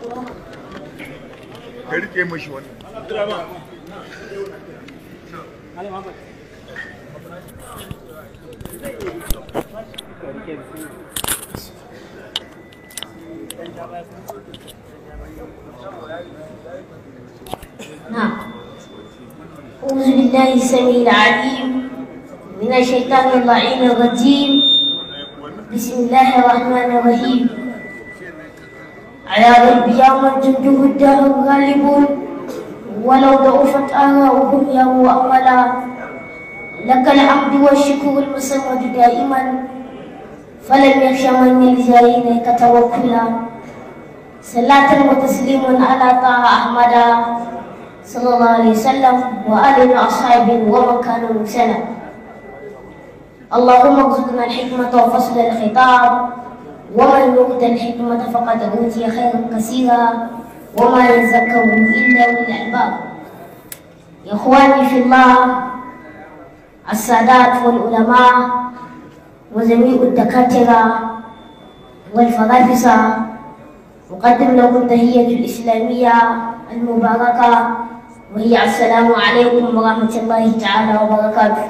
نعم أعوذ بالله السميع العليم من الشيطان اللعين الرجيم بسم الله الرحمن الرحيم على ربي يوم تندم الدهر الغالبون ولو ضعفت آراؤهم يا وأملا لك الحمد والشكر المسرد دائما فلم يخش من يلجا إليك توكلا صلاة وتسليم على طه أحمد صلى الله عليه وسلم وآل أصحاب ومن كانوا مرسلا اللهم ارزقنا الحكمة وفصل الخطاب ومن يؤت الحكمة فقد أوتي خيرا كثيرا وما يذكر إلا أولي الألباب إخواني في الله السادات والعلماء وجميع الدكاترة والفلاسفة أقدم لكم تحية الإسلامية المباركة وهي السلام عليكم ورحمة الله تعالى وبركاته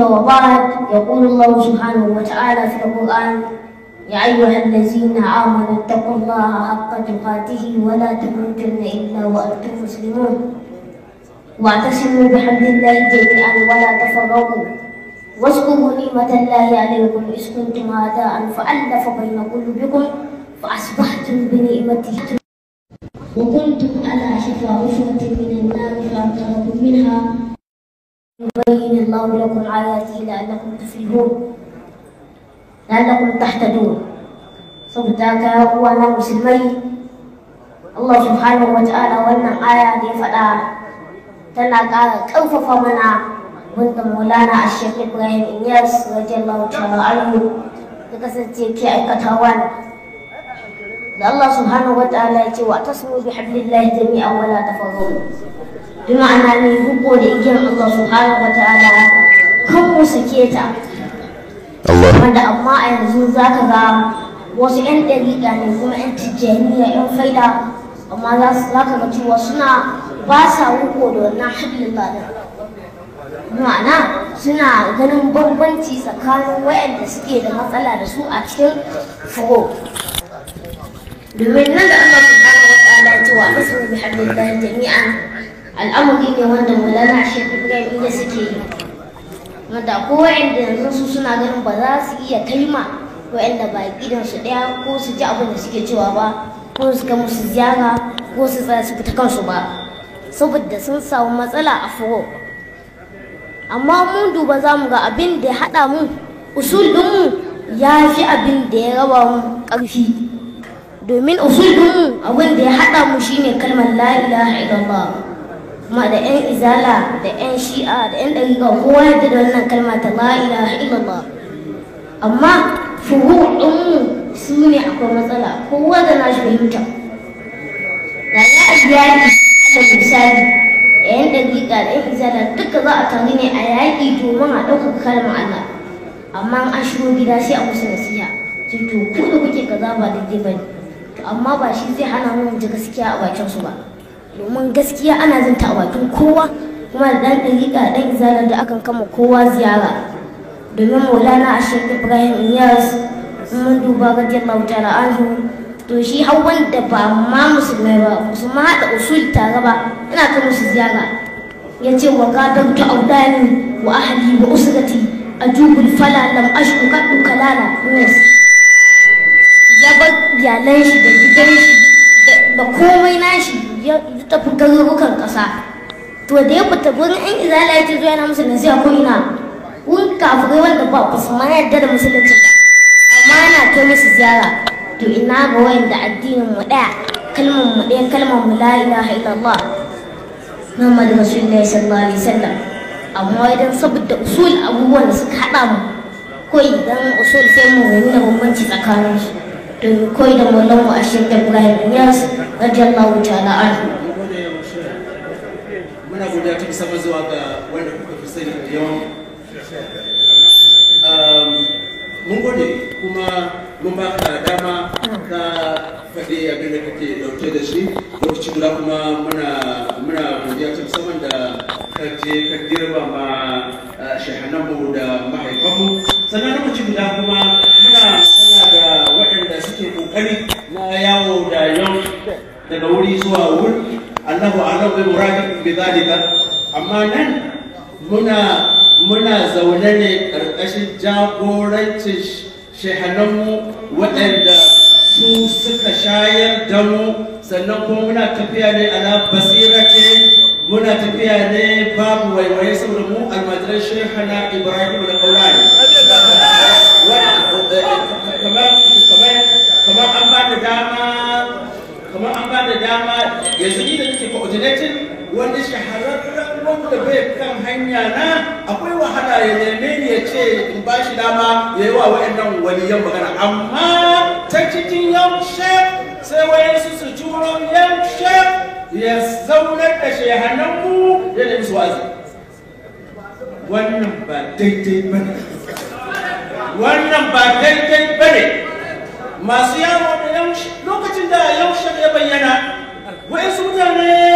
وبعد يقول الله سبحانه وتعالى في القرآن يا أيها الذين آمنوا اتقوا الله حق تقاته ولا تموتن إلا وأنتم مسلمون واعتصموا بحمد الله جميعا ولا تفرقوا واذكروا نعمة الله عليكم إذ كنتم أعداء فألف بين قلوبكم فأصبحتم بنعمته وكنتم على شفا غفرة من النار فأنقذكم منها يبين الله لكم عاداتي لأنكم تفلحون لأنكم تحتدون صدقك هو من مسلمي الله سبحانه وتعالى وانا آياته فلا تنا قال كوف فمنا آه. وانت مولانا الشيخ إبراهيم إنياس رضي الله تعالى عنه تكسرتي كيعك تهوان الله سبحانه وتعالى يتي واعتصموا بحبل الله جميعا ولا تفضلوا بمعنى من يقول إجيان الله سبحانه وتعالى kan musu keta. wanda amma a yanzu za ka ga wasu 'yan ɗariƙa ne kuma 'yan tijjaniya 'yan faida amma za ka ga cewa suna ba sa wuko da wannan haɗin ladan ma'ana suna ganin bambanci tsakanin wayanda suke da matsala da su a cikin fugo domin nan da Allah subhanahu wa ta'ala ya ce wa nasu bi da jami'an al'amari ne wanda mulana shek ɗaya inda suke yi wanda kowa inda yanzu su suna ganin ba za su iya kalma wa'anda ba gidan su ɗaya ko su ji abin da suke cewa ba ko su ga musu ziyara ko su tsaya su fita kansu ba saboda sun samu matsala a furo amma mun duba za mu ga abin da ya haɗa mu usul mu ya fi abin da ya raba mu ƙarfi domin usul mu abin da ya haɗa mu shine kalmar la ilaha illallah kuma da 'yan izala da 'yan shi'a da 'yan ɗariƙa kowa yadda da wannan kalma ta la ilaha ba, amma ɗinmu su ne akwai matsala kowa da shi fahimta da za a yaƙi da misali da 'yan ɗariƙa da 'yan izala duka za a taru ne a yaƙi domin a ɗaukaka kalmar Allah amma an shigo gida sai a musu nasiha to ku da kuke kaza ba daidai ba ne amma ba shi zai hana mu gaskiya a bakin su ba domin gaskiya ana jin ta a bakin kowa kuma da ɗan ɗariƙa ɗan izalar da akan kama kowa ziyara domin maulana a shekaru ibrahim iyas mun duba gajiyar lauta da anhu to shi hau wanda ba ma musulmai ba su ma haɗa usul tare ba ina ta musu ziyara ya ce wa gadar ta audani wa ahali wa a ajubul fala lam ashku kaddu kalala yes ya bar iyalan shi da gidan shi da komai nashi tafi garurukan ƙasa to da ya fita gurin yan izala ya ce zo yana musu nasiya ko ina wurin kafirai wanda ba ku su ma yadda da musulunci amma yana kai musu ziyara to ina ga da addinin mu ɗaya kalmar mu ɗaya kalmar mu la ilaha illallah Muhammad Rasulullahi sallallahu alaihi wasallam amma idan saboda usul abubuwan da suka haɗa mu ko idan usul sai mu nuna bambanci tsakaninsu domin koyi da mallan mu a da Ibrahim Niyas radiyallahu ta'ala anhu sama zuwa ga wanda kuka fi sani da yawan um, mun gode kuma mun ba ka dama ka faɗi abin da kake dauke da shi lokaci guda kuma muna muna godiya ta musamman da kaje ka girba ma uh, shahananmu da mahaifanmu sannan lokaci guda kuma muna muna da waɗanda suke kokari na yawo da yau daga wuri zuwa wuri Allahu a'lam bi muradin bi zalika amma nan muna muna zaune ne ƙarƙashin jagorancin shehananmu waɗanda su suka shayar da mu sannan kuma muna tafiya ne ala basirake muna tafiya ne babu waiwaye saboda mu almajiran shehana ibrahim da kaurari kamar an ba da dama yanzu ni da nake coordinating wani shahararren wanda bai kan hanya na akwai wahala ya neme ni ya ce in ba shi dama ya yi wa wani waliyan magana amma ta cikin yaushe sai wani su su juro yaushe ya zaunar da shehananmu ya nemi su wazi wannan ba daidai ba ne wannan ba daidai ba ne masu yawon da lokacin da shan ya bayyana su mutane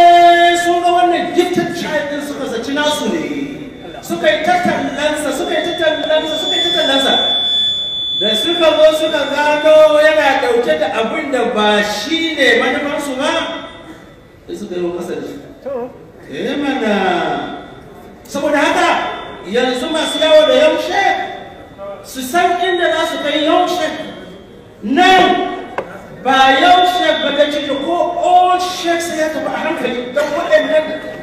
gifted child din suka zaci nasu ne suka yi ta suka yi suka yi da suka zo suka gano yana dauke da abin da ba shi ne ba sai suka yi masa eh, mana saboda haka yanzu masu yawo da yaushe su san inda za su kai yaushe nan ba yaushe ba ta ciki ko o oh, shek ya tafi a hankali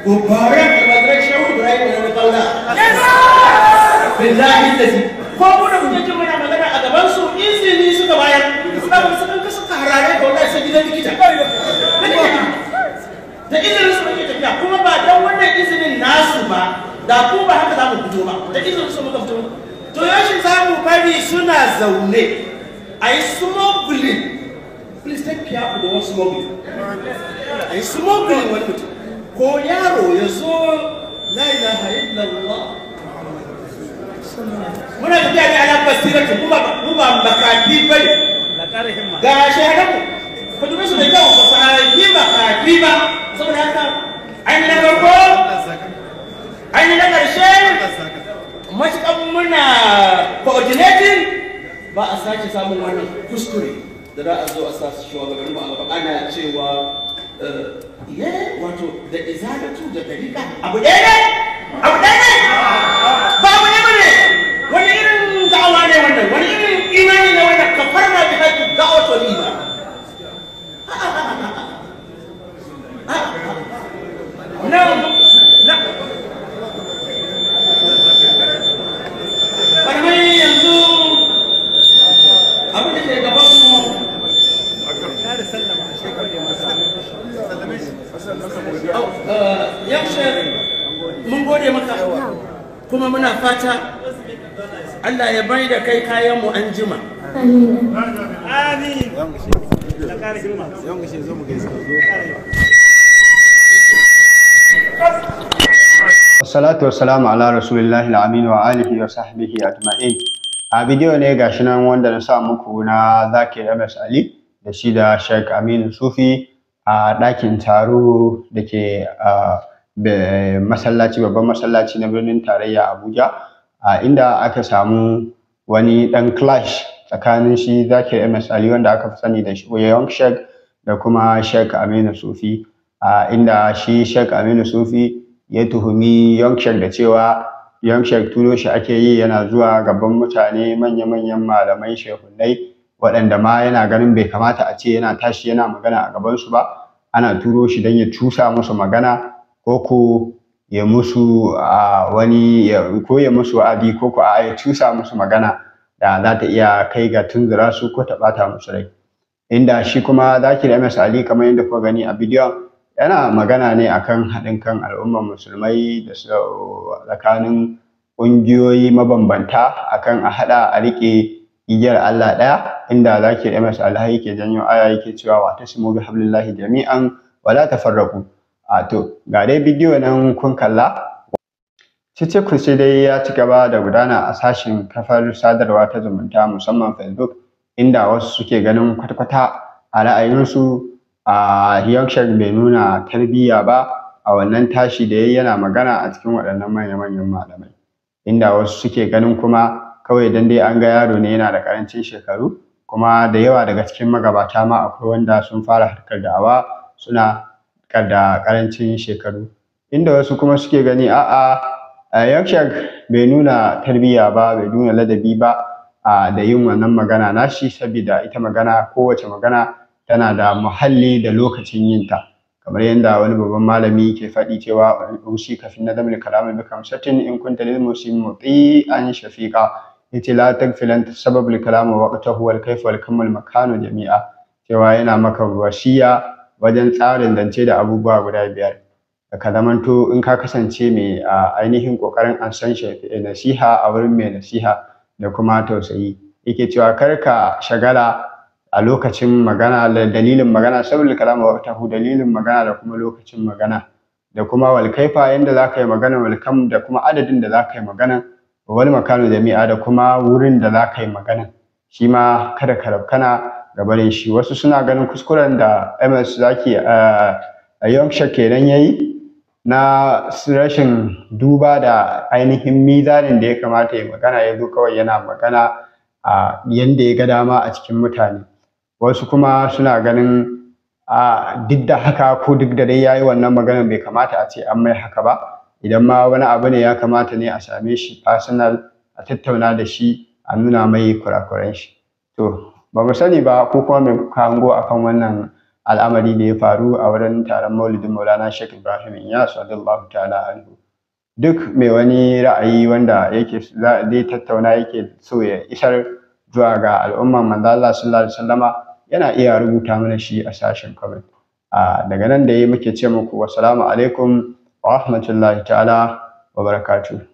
وبارك المدرك a رايك من المطلع بالله الذي فابونا مجاجي منا مدنا أدبان سوء إذن لي سوء بايا سنة سنة كسوء كهراني بولا سجدة لكتا da izinin su muke tafiya kuma ba dan wannan izinin nasu ba da ko ba haka za mu ba da izinin su muka fito to yashin za mu suna zaune a yi smuggling please take care of the one smuggling a yi smuggling wani mutum ko yaro ya zo la ilaha illallah muna tafiya ne ala basiratu mu ba mu ba makaki bai ga shahararmu ku dubi su da kyau ba su ba makaki ba saboda haka an yi na farko an yi na ƙarshe matuƙan muna coordinating ba a sake samun wannan kuskure da za a zo a sa shi wa gaban ana cewa ye eh, wato da izalatu da tarika abu ɗaya ne abu ɗaya ne mun gode maka kuma muna fata Allah ya bai da kai kayan mu an jima amin wassalamu ala rasulillahi amin wa alihi wa sahbihi ajma'in. A bidiyo ne ga nan wanda na sa muku na zaki MS Ali da shi da Sheikh Aminu Sufi a ɗakin taro da ke masallaci babban masallaci na birnin tarayya Abuja a inda aka samu wani ɗan clash tsakanin shi Zakir MS Ali wanda aka fi sani da Young Sheikh da kuma Sheikh Aminu Sufi a inda shi Sheikh Aminu Sufi ya tuhumi Young Sheikh da cewa Young Sheikh turo shi ake yi yana zuwa gaban mutane manya-manyan malamai shehunai waɗanda ma yana ganin bai kamata a ce yana tashi yana magana a gabansu ba ana turo shi don ya cusa musu magana ko ku ya musu a wani ko ya musu wa'azi ko ko a ya cusa musu magana da za ta iya kai ga tunzura su ko ta ɓata musu rai inda shi kuma zakir ms ali kamar yadda kuka gani a bidiyon yana magana ne akan haɗin kan al'ummar musulmai da tsakanin ƙungiyoyi mabambanta akan a haɗa a riƙe igiyar Allah ɗaya inda zakir ms ali yake janyo aya yake cewa wa tasimu bi jami'an wala tafarraqu a to ga dai bidiyo nan kun kalla cice kurse dai ya ci gaba da gudana a sashen kafar sadarwa ta zumunta musamman facebook inda wasu suke ganin kwatakwata a ra'ayinsu a yorkshire bai nuna tarbiyya ba a wannan tashi da yayi yana magana a cikin waɗannan manya-manyan malamai inda wasu suke ganin kuma kawai dan dai an ga yaro ne yana da karancin shekaru kuma da yawa daga cikin magabata ma akwai wanda sun fara harkar da'awa suna da ƙarancin shekaru inda wasu kuma suke gani a'a Yakshak bai nuna tarbiyya ba bai nuna ladabi ba A da yin wannan magana nashi saboda ita magana kowace magana tana da muhalli da lokacin yin ta kamar yadda wani babban malami ke faɗi cewa ushi kafin na damar kalamar bi satin, in kunta lil muslim an shafiqa yace la tagfilan sabab al kalam wa waqtahu wal kayf wal kamal makanu jami'a cewa yana maka wasiya wajen tsarin zance da abubuwa guda biyar ka zamanto in ka kasance mai ainihin ƙoƙarin an san eh, nasiha a wurin mai nasiha da kuma tausayi yake cewa kar ka shagala a lokacin magana da dalilin magana saboda kalama waqtahu dalilin magana da kuma lokacin magana da kuma walkaifa yadda za ka yi magana walkam da kuma adadin da za ka yi magana wal makanu jami'a da kuma wurin da za ka yi magana shi ma kada ka rabkana da shi wasu suna ganin kuskuren da ms zaki a eh, eh, yorkshire kenan ya yi na rashin duba da ainihin mizanin da ya kamata ya magana ya zo kawai yana magana a yadda ya ga dama a cikin mutane wasu kuma suna ganin a duk da haka ko duk da dai yayi wannan magana bai kamata a ce an mai haka ba idan ma wani abu ne ya kamata ne a same shi personal a tattauna da shi a nuna mai kurakuran shi to ba mu sani ba ko kuma mai hango akan wannan al'amari da ya faru a wurin taron maulidin maulana sheikh ibrahim ya sadu allahu ta'ala anhu duk mai wani ra'ayi wanda yake zai tattauna yake so ya isar zuwa ga al'umman manzo Allah sallallahu alaihi yana iya rubuta mana shi a sashen comment a daga nan da yi muke ce muku wassalamu alaikum wa rahmatullahi ta'ala wa barakatu.